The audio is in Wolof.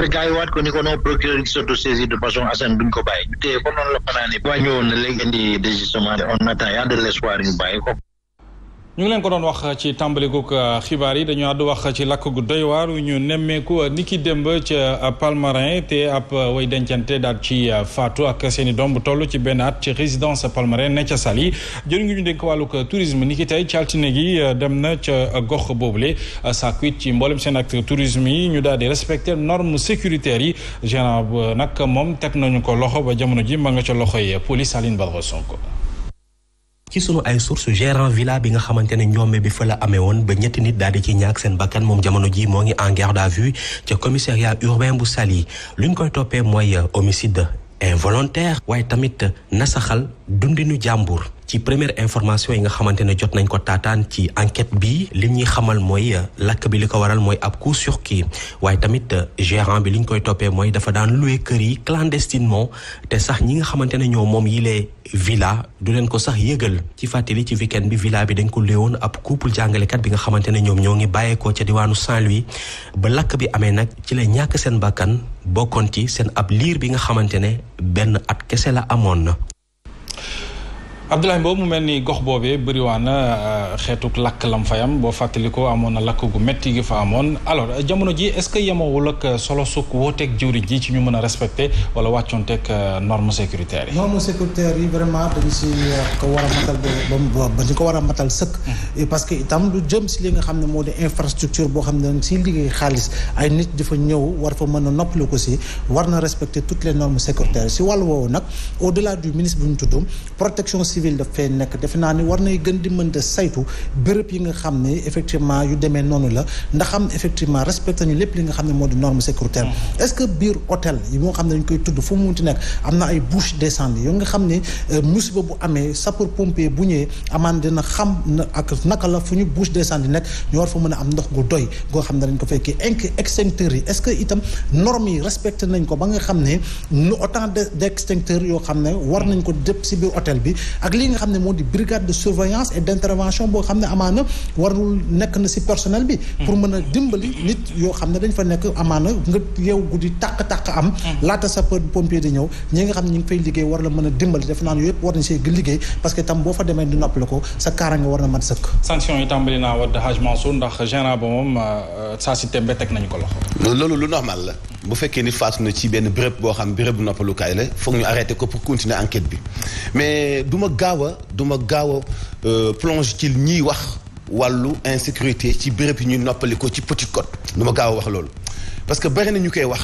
après gars yi waat ko ni ko non procureur il s'autosaisit de façon assane duñ ko bàyyi ñu téye ko noonu la fanaane na léegi indi désistement on attend y a de l'espoir ñu bàyyi ko ñu leen ko doon wax ci ko euh, xibaar yi dañu àddu wax ci lakk gu doy waar wu ñu nemmeeku euh, niki démb ca euh, Palmarin te ab way dencante daal ci faatu ak seen i doom bu toll ci benn at ci résidence Palmarin ne ca Saly jëriñ ngi ñu dénk wàllug tourisme niki tey caltine gi dem na ca gox boobule sàkku it ci mboolem seen ak tourisme yi ñu daal di respecter normes sécuritaire yi gérant nag moom teg nañu ko loxo ba jamono ji ma nga ca loxo yi police Aline Badara Sonko ci suñu ay sources gérant villa bi nga xamante ne ñoom bi fa la amee woon ba ñetti nit daal di ci ñàkk seen bakkan moom jamono ji moo ngi en garde à vue ca commissariat urbain bu Saly luñ koy toppee mooy euh, homicide involontaire waaye tamit nasaxal dundinu jàmbur ci première information yi nga xamante ne jot nañ ko taataan ci enquête bi li ñuy xamal mooy euh, lakk bi li ko waral mooy ab coup kii waaye tamit euh, gérant bi li ñu koy toppee mooy dafa daan loué kër yi clandestinement te sax ñi nga xamante ne ñoo moom yilee villa du leen ko sax yëgal ci fàttali ci weekend bi villa bi dañ ko léewoon ab couple jàngalekat bi nga xamante ne ñoom ñoo ngi bàyyeekoo ca diwaanu Saint-Louis ba lakk bi amee nag ci la ñàkk seen bàkkan bokkoon ci seen ab liir bi nga xamante ne benn at kese la amoon na Abdoulaye Mbow mu mel ni gox boobee bëriwaana euh, xeetuk lakk fa fayam boo fàttalikoo amoon na lakk gu métti gi fa amoon alors jamono ji est-ce que yemoowul ak euh, solo suk wooteeg jëwriñ ji ci ñu mën a respecté wala wàccoonteeg euh, normes sécuritaires yi. normes sécuritaires yi vraiment dañu si ko war a matal ba ba ko war a matal sëkk. Mm-hmm. parce que itam du jëm si li nga xam ne moo di infrastructure boo xam ne dañ siy liggéey xaalis ay nit dafa ñëw war fa mën a noppalu ko si war na respecter toutes les normes sécuritaires si wall woowu nag au delà du ministre bu ñu tudd protection civile civile daf fay nekk defe naa ni war nay gën di mën a saytu béréb yi nga xam ne effectivement yu demee noonu la ndax effectivement respecté ñu lépp li nga xam ne musiba bu amee sapeur pompier bu ñëwee amaan dina xam ak naka la fu ñu bouche d'incendie nekk ñu war fa mën a am ndox gu doy goo xam ne dañ ko fekkee inc extincteurs yi est-ce que itam normes yi respecté nañ ko ba nga xam ne lu autant d'extincteurs yoo xam ne war nañ ko dëpp ci biir hôtel bi ak nga xam ne moo di brigade de surveillance et d' intervention boo xam ne amaana warul nekk na si personnel bi pour mën a dimbali nit yoo xam ne dañ fa nekk amaana nga yow guddi tàq-tàq am laata sa pompier di ñëw ñi nga xam ne ñu fay liggéey war la mën a dimbali def naan yëpp war nañ see liggéey parce que tam boo fa demee di noppale ko sa kaaraange war na mat sëkk sanction yi tàmbali naa war de Haj Mansour ndax gérant ba moom euh, euh, saa si tembe teg nañu ko loxo loolu lu normal la bu fekkee nit faatu na ci benn béréb boo xam béréb bu noppalukaay la foog ñu arrêté ko pour continuer enquête bi mais duma ma gaaw a gaaw a euh, plonge ci ñiy wax wàllu insécurité ci béréb yi ñuy noppali ko ci Petite Côte du ma gaaw a wax loolu parce que bari na ñu koy wax.